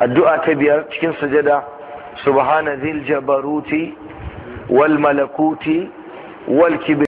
addu'a ta biyar cikin sujada subhana zil jabaruti wal malakuti wal kibir